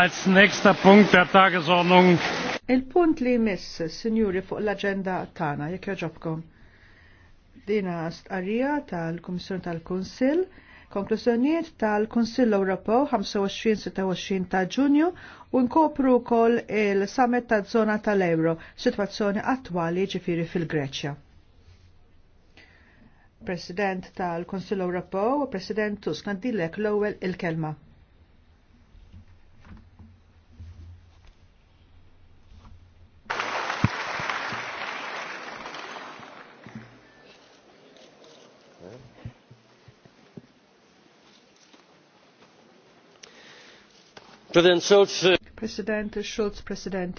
Als nächster Punkt der Tagesordnung. Il-punt li jmiss, sinjuri, fuq l-agenda tana, jek joġobkom. Dina stqarrija tal-Komissjoni tal konsil konklużjonijiet tal-Kunsill Ewropew 25-26 ta' Ġunju u nkopru wkoll il-summit ta' zona tal-Euro, sitwazzjoni attwali ġifiri fil-Greċja. President tal-Konsil Ewropew, President Tusk, għandilek l-ewwel il-kelma. Uh, President Schulz. President